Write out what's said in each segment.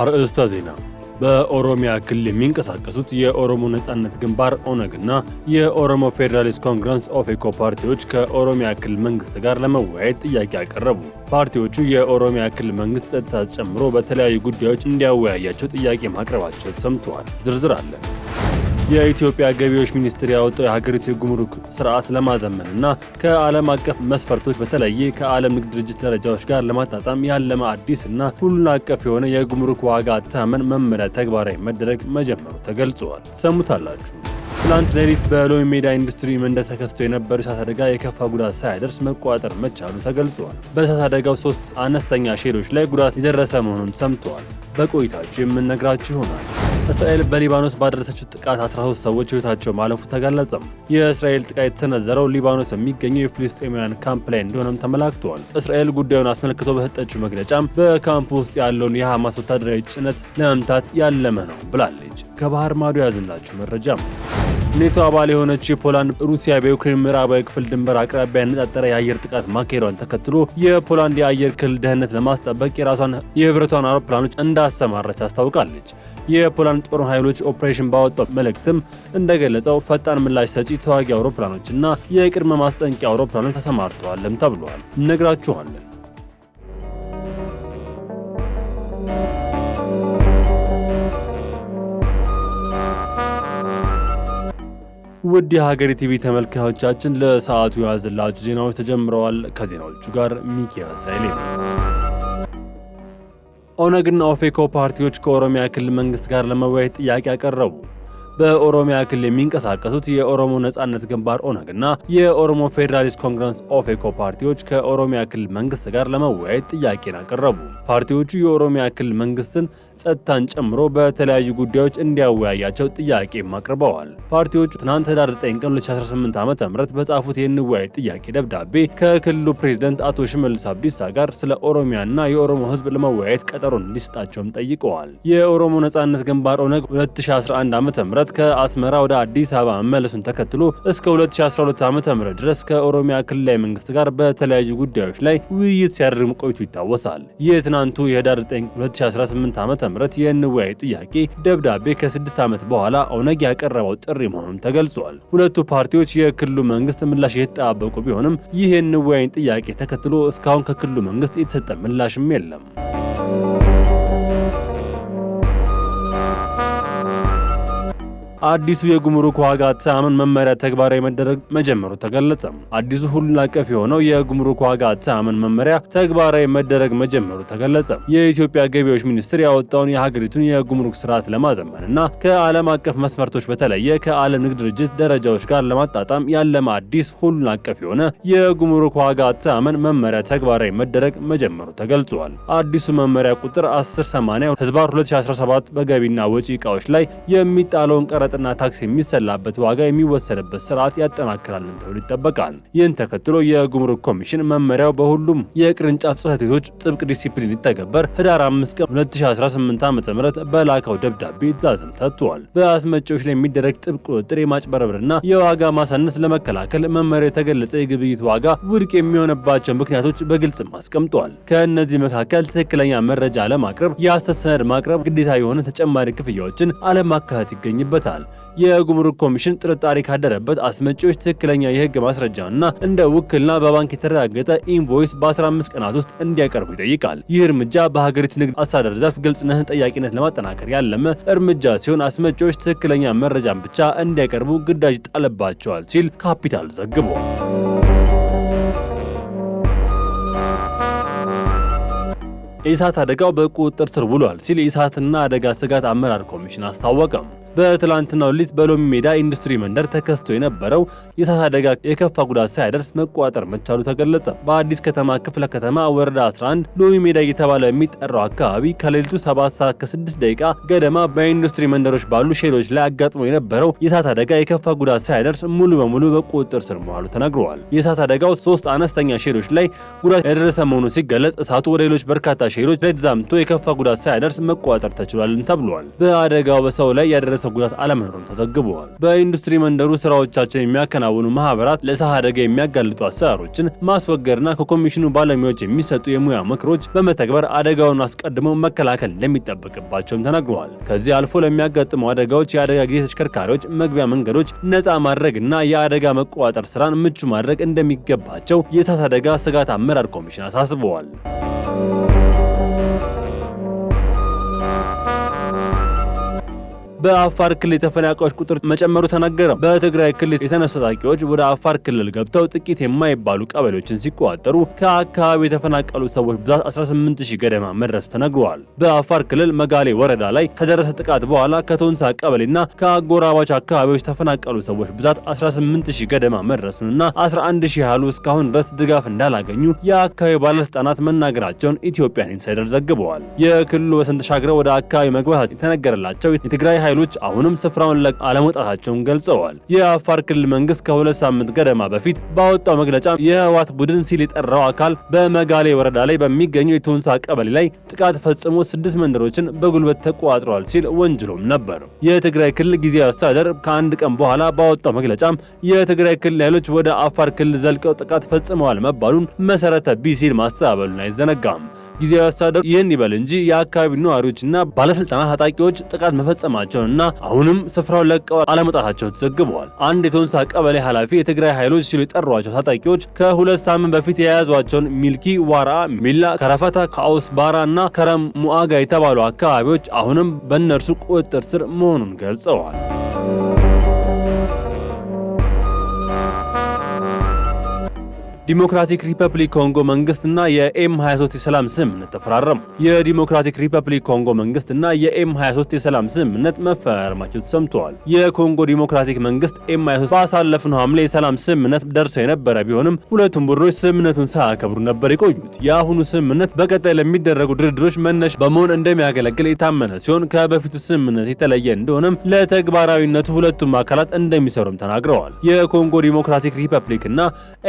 አርዕስተ ዜና በኦሮሚያ ክልል የሚንቀሳቀሱት የኦሮሞ ነጻነት ግንባር ኦነግና የኦሮሞ ፌዴራሊስት ኮንግረስ ኦፌኮ ፓርቲዎች ከኦሮሚያ ክልል መንግስት ጋር ለመወያየት ጥያቄ አቀረቡ። ፓርቲዎቹ የኦሮሚያ ክልል መንግስት ጸጥታ ጨምሮ በተለያዩ ጉዳዮች እንዲያወያያቸው ጥያቄ ማቅረባቸው ተሰምተዋል። ዝርዝር አለ። የኢትዮጵያ ገቢዎች ሚኒስቴር ያወጣው የሀገሪቱ የጉምሩክ ስርዓት ለማዘመን እና ከዓለም አቀፍ መስፈርቶች በተለየ ከዓለም ንግድ ድርጅት ደረጃዎች ጋር ለማጣጣም ያለመ አዲስ እና ሁሉን አቀፍ የሆነ የጉምሩክ ዋጋ ተመን መመሪያ ተግባራዊ መደረግ መጀመሩ ተገልጿል። ትሰሙታላችሁ። ትላንት ሌሊት በሎሚ ሜዳ ኢንዱስትሪ መንደር ተከስቶ የነበረው እሳት አደጋ የከፋ ጉዳት ሳያደርስ መቋጠር መቻሉ ተገልጿል። በእሳት አደጋው ሶስት አነስተኛ ሼዶች ላይ ጉዳት የደረሰ መሆኑን ሰምተዋል። በቆይታችሁ የምንነግራችሁ ይሆናል። እስራኤል በሊባኖስ ባደረሰችው ጥቃት 13 ሰዎች ህይወታቸው ማለፉ ተገለጸ። የእስራኤል ጥቃት የተሰነዘረው ሊባኖስ በሚገኘው የፍልስጤማውያን ካምፕ ላይ እንደሆነም ተመላክተዋል። እስራኤል ጉዳዩን አስመልክቶ በሰጠችው መግለጫም በካምፕ ውስጥ ያለውን የሐማስ ወታደራዊ ጭነት ለመምታት ያለመ ነው ብላለች። ከባህር ማዶ ያዝናችሁ መረጃ ኔቶ አባል የሆነች የፖላንድ ሩሲያ በዩክሬን ምዕራባዊ ክፍል ድንበር አቅራቢያ ያነጣጠረ የአየር ጥቃት ማካሄዷን ተከትሎ የፖላንድ የአየር ክልል ደህንነት ለማስጠበቅ የራሷን የህብረቷን አውሮፕላኖች እንዳሰማራች አስታውቃለች። የፖላንድ ጦር ኃይሎች ኦፕሬሽን ባወጣው መልእክትም እንደገለጸው ፈጣን ምላሽ ሰጪ ተዋጊ አውሮፕላኖችና የቅድመ ማስጠንቂያ አውሮፕላኖች ተሰማርተዋልም ተብሏል። እነግራችኋለን። ውድ የሀገሬ ቲቪ ተመልካዮቻችን ለሰዓቱ የያዝላችሁ ዜናዎች ተጀምረዋል። ከዜናዎቹ ጋር ሚኪያስ ኃይሌ። ኦነግና ኦፌኮ ፓርቲዎች ከኦሮሚያ ክልል መንግስት ጋር ለመወያየት ጥያቄ አቀረቡ። በኦሮሚያ ክልል የሚንቀሳቀሱት የኦሮሞ ነጻነት ግንባር ኦነግና የኦሮሞ ፌዴራሊስት ኮንግረስ ኦፌኮ ፓርቲዎች ከኦሮሚያ ክልል መንግስት ጋር ለመወያየት ጥያቄን አቀረቡ። ፓርቲዎቹ የኦሮሚያ ክልል መንግስትን ጸጥታን ጨምሮ በተለያዩ ጉዳዮች እንዲያወያያቸው ጥያቄም አቅርበዋል። ፓርቲዎቹ ትናንት ህዳር 9 ቀን 2018 ዓ ም በጻፉት የንወያይ ጥያቄ ደብዳቤ ከክልሉ ፕሬዚደንት አቶ ሽመልስ አብዲሳ ጋር ስለ ኦሮሚያና የኦሮሞ ህዝብ ለመወያየት ቀጠሮን እንዲሰጣቸውም ጠይቀዋል። የኦሮሞ ነጻነት ግንባር ኦነግ 2011 ዓ ም በመምራት ከአስመራ ወደ አዲስ አበባ መመለሱን ተከትሎ እስከ 2012 ዓ ም ድረስ ከኦሮሚያ ክልላዊ መንግስት ጋር በተለያዩ ጉዳዮች ላይ ውይይት ሲያደርግ መቆየቱ ይታወሳል። የትናንቱ የህዳር 9 2018 ዓ ም የንወያይ ጥያቄ ደብዳቤ ከስድስት ዓመት በኋላ ኦነግ ያቀረበው ጥሪ መሆኑን ተገልጿል። ሁለቱ ፓርቲዎች የክልሉ መንግስት ምላሽ የተጠባበቁ ቢሆንም ይህ የንወያይን ጥያቄ ተከትሎ እስካሁን ከክልሉ መንግስት የተሰጠ ምላሽም የለም። አዲሱ የጉምሩክ ዋጋ ተአምን መመሪያ ተግባራዊ መደረግ መጀመሩ ተገለጸ። አዲሱ ሁሉን አቀፍ የሆነው የጉምሩክ ዋጋ ተአምን መመሪያ ተግባራዊ መደረግ መጀመሩ ተገለጸ። የኢትዮጵያ ገቢዎች ሚኒስቴር ያወጣውን የሀገሪቱን የጉምሩክ ስርዓት ለማዘመን እና ከዓለም አቀፍ መስፈርቶች በተለየ ከዓለም ንግድ ድርጅት ደረጃዎች ጋር ለማጣጣም ያለመ አዲስ ሁሉን አቀፍ የሆነ የጉምሩክ ዋጋ ተአምን መመሪያ ተግባራዊ መደረግ መጀመሩ ተገልጿል። አዲሱ መመሪያ ቁጥር 1080 ህዝባ 2017 በገቢና ወጪ እቃዎች ላይ የሚጣለውን ቀረ ሸቀጥና ታክስ የሚሰላበት ዋጋ የሚወሰንበት ስርዓት ያጠናክራልን ተብሎ ይጠበቃል። ይህን ተከትሎ የጉምሩክ ኮሚሽን መመሪያው በሁሉም የቅርንጫፍ ጽህፈት ቤቶች ጥብቅ ዲሲፕሊን ይተገበር ህዳር 5 ቀን 2018 ዓ ም በላከው ደብዳቤ ትዕዛዝም ተጥቷል። በአስመጪዎች ላይ የሚደረግ ጥብቅ ቁጥጥር፣ ና የዋጋ ማሳነስ ለመከላከል መመሪያው የተገለጸ የግብይት ዋጋ ውድቅ የሚሆንባቸው ምክንያቶች በግልጽም አስቀምጧል። ከእነዚህ መካከል ትክክለኛ መረጃ አለማቅረብ፣ የአስተሰነድ ሰነድ ማቅረብ፣ ግዴታ የሆነ ተጨማሪ ክፍያዎችን አለማካተት ይገኝበታል። ይላል። የጉምሩክ ኮሚሽን ጥርጣሬ ካደረበት አስመጪዎች ትክክለኛ የህግ ማስረጃና እንደ ውክልና በባንክ የተረጋገጠ ኢንቮይስ በ15 ቀናት ውስጥ እንዲያቀርቡ ይጠይቃል። ይህ እርምጃ በሀገሪቱ ንግድ አስተዳደር ዘርፍ ግልጽነትን፣ ጠያቂነት ለማጠናከር ያለመ እርምጃ ሲሆን አስመጪዎች ትክክለኛ መረጃን ብቻ እንዲያቀርቡ ግዳጅ ይጣልባቸዋል ሲል ካፒታል ዘግቧል። የእሳት አደጋው በቁጥጥር ስር ውሏል ሲል የእሳትና አደጋ ስጋት አመራር ኮሚሽን አስታወቀም። በትላንትናው ሌሊት በሎሚ ሜዳ ኢንዱስትሪ መንደር ተከስቶ የነበረው የእሳት አደጋ የከፋ ጉዳት ሳያደርስ መቆጣጠር መቻሉ ተገለጸ። በአዲስ ከተማ ክፍለ ከተማ ወረዳ 11 ሎሚ ሜዳ እየተባለ የሚጠራው አካባቢ ከሌሊቱ 7 ሰዓት ከ6 ደቂቃ ገደማ በኢንዱስትሪ መንደሮች ባሉ ሼሎች ላይ አጋጥሞ የነበረው የእሳት አደጋ የከፋ ጉዳት ሳያደርስ ሙሉ በሙሉ በቁጥጥር ስር መዋሉ ተነግረዋል። የእሳት አደጋው ሶስት አነስተኛ ሼሎች ላይ ጉዳት ያደረሰ መሆኑ ሲገለጽ እሳቱ ወደ ሌሎች በርካታ ሼሎች ላይ ተዛምቶ የከፋ ጉዳት ሳያደርስ መቆጣጠር ተችሏል ተብሏል። በአደጋው በሰው ላይ ያደረሰ የደረሰው ጉዳት አለመኖሩን ተዘግበዋል። በኢንዱስትሪ መንደሩ ስራዎቻቸውን የሚያከናውኑ ማህበራት ለእሳት አደጋ የሚያጋልጡ አሰራሮችን ማስወገድና ከኮሚሽኑ ባለሙያዎች የሚሰጡ የሙያ ምክሮች በመተግበር አደጋውን አስቀድሞ መከላከል እንደሚጠበቅባቸውም ተነግረዋል። ከዚህ አልፎ ለሚያጋጥሙ አደጋዎች የአደጋ ጊዜ ተሽከርካሪዎች መግቢያ መንገዶች ነፃ ማድረግና የአደጋ መቆጣጠር ስራን ምቹ ማድረግ እንደሚገባቸው የእሳት አደጋ ስጋት አመራር ኮሚሽን አሳስበዋል። በአፋር ክልል የተፈናቃዮች ቁጥር መጨመሩ ተነገረ። በትግራይ ክልል የተነሱ ታጣቂዎች ወደ አፋር ክልል ገብተው ጥቂት የማይባሉ ቀበሌዎችን ሲቆጣጠሩ ከአካባቢ የተፈናቀሉ ሰዎች ብዛት 18000 ገደማ መድረሱ ተነግሯል። በአፋር ክልል መጋሌ ወረዳ ላይ ከደረሰ ጥቃት በኋላ ከቶንሳ ቀበሌና ከአጎራባች አካባቢዎች የተፈናቀሉ ሰዎች ብዛት 18000 ገደማ መድረሱንና 11000 ያህሉ እስካሁን ድረስ ድጋፍ እንዳላገኙ የአካባቢ ባለስልጣናት መናገራቸውን ኢትዮጵያን ኢንሳይደር ዘግበዋል። የክልሉ ወሰን ተሻግረው ወደ አካባቢ መግባት የተነገረላቸው የትግራይ ኃይሎች አሁንም ስፍራውን አለመውጣታቸውን ገልጸዋል። የአፋር ክልል መንግስት ከሁለት ሳምንት ገደማ በፊት ባወጣው መግለጫ የህወሓት ቡድን ሲል የጠራው አካል በመጋሌ ወረዳ ላይ በሚገኘው የቶንሳ ቀበሌ ላይ ጥቃት ፈጽሞ ስድስት መንደሮችን በጉልበት ተቆጣጥሯል ሲል ወንጅሎም ነበር። የትግራይ ክልል ጊዜያዊ አስተዳደር ከአንድ ቀን በኋላ ባወጣው መግለጫም የትግራይ ክልል ኃይሎች ወደ አፋር ክልል ዘልቀው ጥቃት ፈጽመዋል መባሉን መሰረተ ቢስ ሲል ማስተባበሉን አይዘነጋም። ጊዜያዊ አስተዳደሩ ይህን ይበል እንጂ የአካባቢው ነዋሪዎችና ባለስልጣናት ታጣቂዎች ጥቃት እና አሁንም ስፍራውን ለቀው አለመውጣታቸው ተዘግበዋል። አንድ የቶንሳ ቀበሌ ኃላፊ የትግራይ ኃይሎች ሲሉ የጠሯቸው ታጣቂዎች ከሁለት ሳምንት በፊት የያዟቸውን ሚልኪ ዋራ፣ ሚላ፣ ከረፈታ፣ ከአውስ ባራ እና ከረም ሙአጋ የተባሉ አካባቢዎች አሁንም በእነርሱ ቁጥጥር ስር መሆኑን ገልጸዋል። ዲሞክራቲክ ሪፐብሊክ ኮንጎ መንግስትና የኤም 23 የሰላም ስምምነት ተፈራረሙ። የዲሞክራቲክ ሪፐብሊክ ኮንጎ መንግስትና የኤም 23 የሰላም ስምምነት መፈራረማቸው ተሰምተዋል። የኮንጎ ዲሞክራቲክ መንግስት ኤም 23 ባሳለፍነው ሐምሌ የሰላም ስምምነት ደርሰው የነበረ ቢሆንም ሁለቱም ቡድኖች ስምምነቱን ሳያከብሩ ነበር የቆዩት። የአሁኑ ስምምነት በቀጣይ ለሚደረጉ ድርድሮች መነሻ በመሆን እንደሚያገለግል የታመነ ሲሆን ከበፊቱ ስምምነት የተለየ እንደሆነም ለተግባራዊነቱ ሁለቱም አካላት እንደሚሰሩም ተናግረዋል። የኮንጎ ዲሞክራቲክ ሪፐብሊክ እና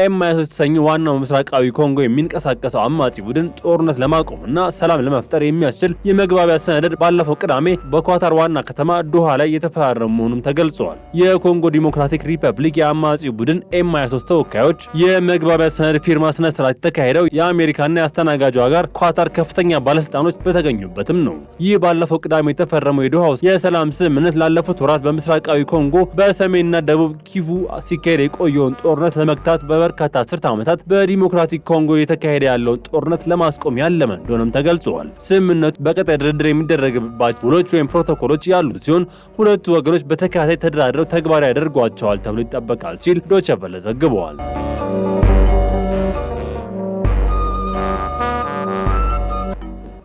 ኤም 23 ዘጠኝ ዋናው ምስራቃዊ ኮንጎ የሚንቀሳቀሰው አማጺ ቡድን ጦርነት ለማቆምና ሰላም ለመፍጠር የሚያስችል የመግባቢያ ሰነድ ባለፈው ቅዳሜ በኳታር ዋና ከተማ ዶሃ ላይ የተፈራረሙ መሆኑም ተገልጿል። የኮንጎ ዲሞክራቲክ ሪፐብሊክ የአማጺ ቡድን ኤም 23 ተወካዮች የመግባቢያ ሰነድ ፊርማ ስነ ስርዓት የተካሄደው የአሜሪካና የአስተናጋጇ ጋር ኳታር ከፍተኛ ባለስልጣኖች በተገኙበትም ነው። ይህ ባለፈው ቅዳሜ የተፈረመው የዶሃ ውስጥ የሰላም ስምምነት ላለፉት ወራት በምስራቃዊ ኮንጎ በሰሜንና ደቡብ ኪቩ ሲካሄድ የቆየውን ጦርነት ለመግታት በበርካታ አስርት ዓመታት በዲሞክራቲክ ኮንጎ የተካሄደ ያለውን ጦርነት ለማስቆም ያለመ እንደሆነም ተገልጿል። ስምምነቱ በቀጣይ ድርድር የሚደረግባቸው ውሎች ወይም ፕሮቶኮሎች ያሉት ሲሆን ሁለቱ ወገኖች በተከታታይ ተደራድረው ተግባራዊ ያደርጓቸዋል ተብሎ ይጠበቃል ሲል ዶቸቨለ ዘግበዋል።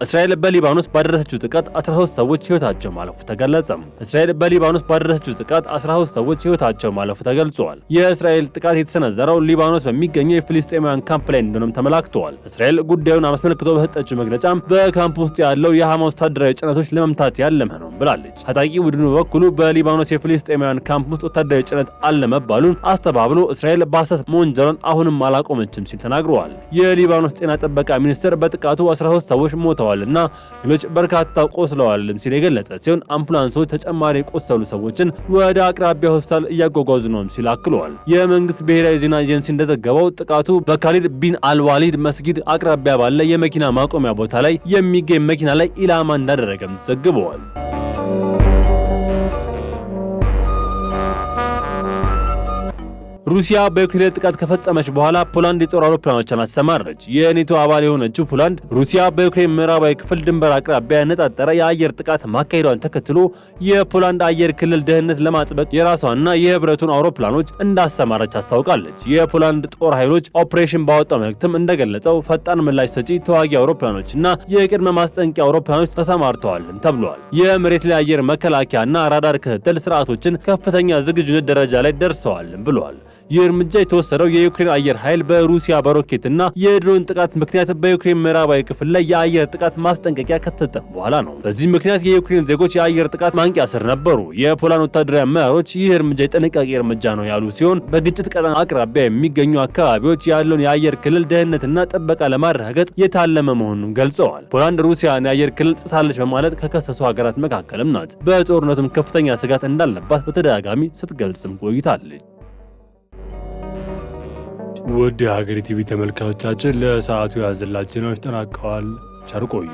እስራኤል በሊባኖስ ባደረሰችው ጥቃት 13 ሰዎች ህይወታቸው ማለፉ ተገለጸ። እስራኤል በሊባኖስ ባደረሰችው ጥቃት 13 ሰዎች ህይወታቸው ማለፉ ተገልጿል። የእስራኤል ጥቃት የተሰነዘረው ሊባኖስ በሚገኘው የፍልስጤማውያን ካምፕ ላይ እንደሆነም ተመላክተዋል። እስራኤል ጉዳዩን አስመልክቶ በሰጠችው መግለጫም በካምፕ ውስጥ ያለው የሐማ ወታደራዊ ጭነቶች ለመምታት ያለመ ነው ብላለች። ታጣቂ ቡድኑ በበኩሉ በሊባኖስ የፍልስጤማውያን ካምፕ ውስጥ ወታደራዊ ጭነት አለመባሉን አስተባብሎ እስራኤል በሐሰት መወንጀሏን አሁንም አላቆመችም ሲል ተናግረዋል። የሊባኖስ ጤና ጥበቃ ሚኒስቴር በጥቃቱ 13 ሰዎች ሞተዋል ሌሎች በርካታ ቆስለዋልም ሲል የገለጸ ሲሆን አምቡላንሶች ተጨማሪ የቆሰሉ ሰዎችን ወደ አቅራቢያ ሆስፒታል እያጓጓዙ ነውም ሲል አክለዋል። የመንግስት ብሔራዊ ዜና ኤጀንሲ እንደዘገበው ጥቃቱ በካሊድ ቢን አልዋሊድ መስጊድ አቅራቢያ ባለ የመኪና ማቆሚያ ቦታ ላይ የሚገኝ መኪና ላይ ኢላማ እንዳደረገም ዘግበዋል። ሩሲያ በዩክሬን ጥቃት ከፈጸመች በኋላ ፖላንድ የጦር አውሮፕላኖቿን አሰማረች። የኔቶ አባል የሆነችው ፖላንድ ሩሲያ በዩክሬን ምዕራባዊ ክፍል ድንበር አቅራቢያ ያነጣጠረ የአየር ጥቃት ማካሄዷን ተከትሎ የፖላንድ አየር ክልል ደህንነት ለማጥበቅ የራሷና የህብረቱን አውሮፕላኖች እንዳሰማረች አስታውቃለች። የፖላንድ ጦር ኃይሎች ኦፕሬሽን ባወጣው መልእክትም እንደገለጸው ፈጣን ምላሽ ሰጪ ተዋጊ አውሮፕላኖችና የቅድመ ማስጠንቂያ አውሮፕላኖች ተሰማርተዋልም ተብሏል። የመሬት ላይ አየር መከላከያና ራዳር ክትትል ስርዓቶችን ከፍተኛ ዝግጁነት ደረጃ ላይ ደርሰዋልም ብሏል። ይህ እርምጃ የተወሰደው የዩክሬን አየር ኃይል በሩሲያ በሮኬትና የድሮን ጥቃት ምክንያት በዩክሬን ምዕራባዊ ክፍል ላይ የአየር ጥቃት ማስጠንቀቂያ ከተጠ በኋላ ነው። በዚህ ምክንያት የዩክሬን ዜጎች የአየር ጥቃት ማንቂያ ስር ነበሩ። የፖላንድ ወታደራዊ አመራሮች ይህ እርምጃ የጥንቃቄ እርምጃ ነው ያሉ ሲሆን በግጭት ቀጠና አቅራቢያ የሚገኙ አካባቢዎች ያለውን የአየር ክልል ደህንነትና ጥበቃ ለማረጋገጥ የታለመ መሆኑን ገልጸዋል። ፖላንድ ሩሲያን የአየር ክልል ጥሳለች በማለት ከከሰሱ ሀገራት መካከልም ናት። በጦርነቱም ከፍተኛ ስጋት እንዳለባት በተደጋጋሚ ስትገልጽም ቆይታለች። ውድ የሀገሬ ቲቪ ተመልካዮቻችን ለሰዓቱ ያዘላችነው ተጠናቀዋል። ቸር ቆዩ።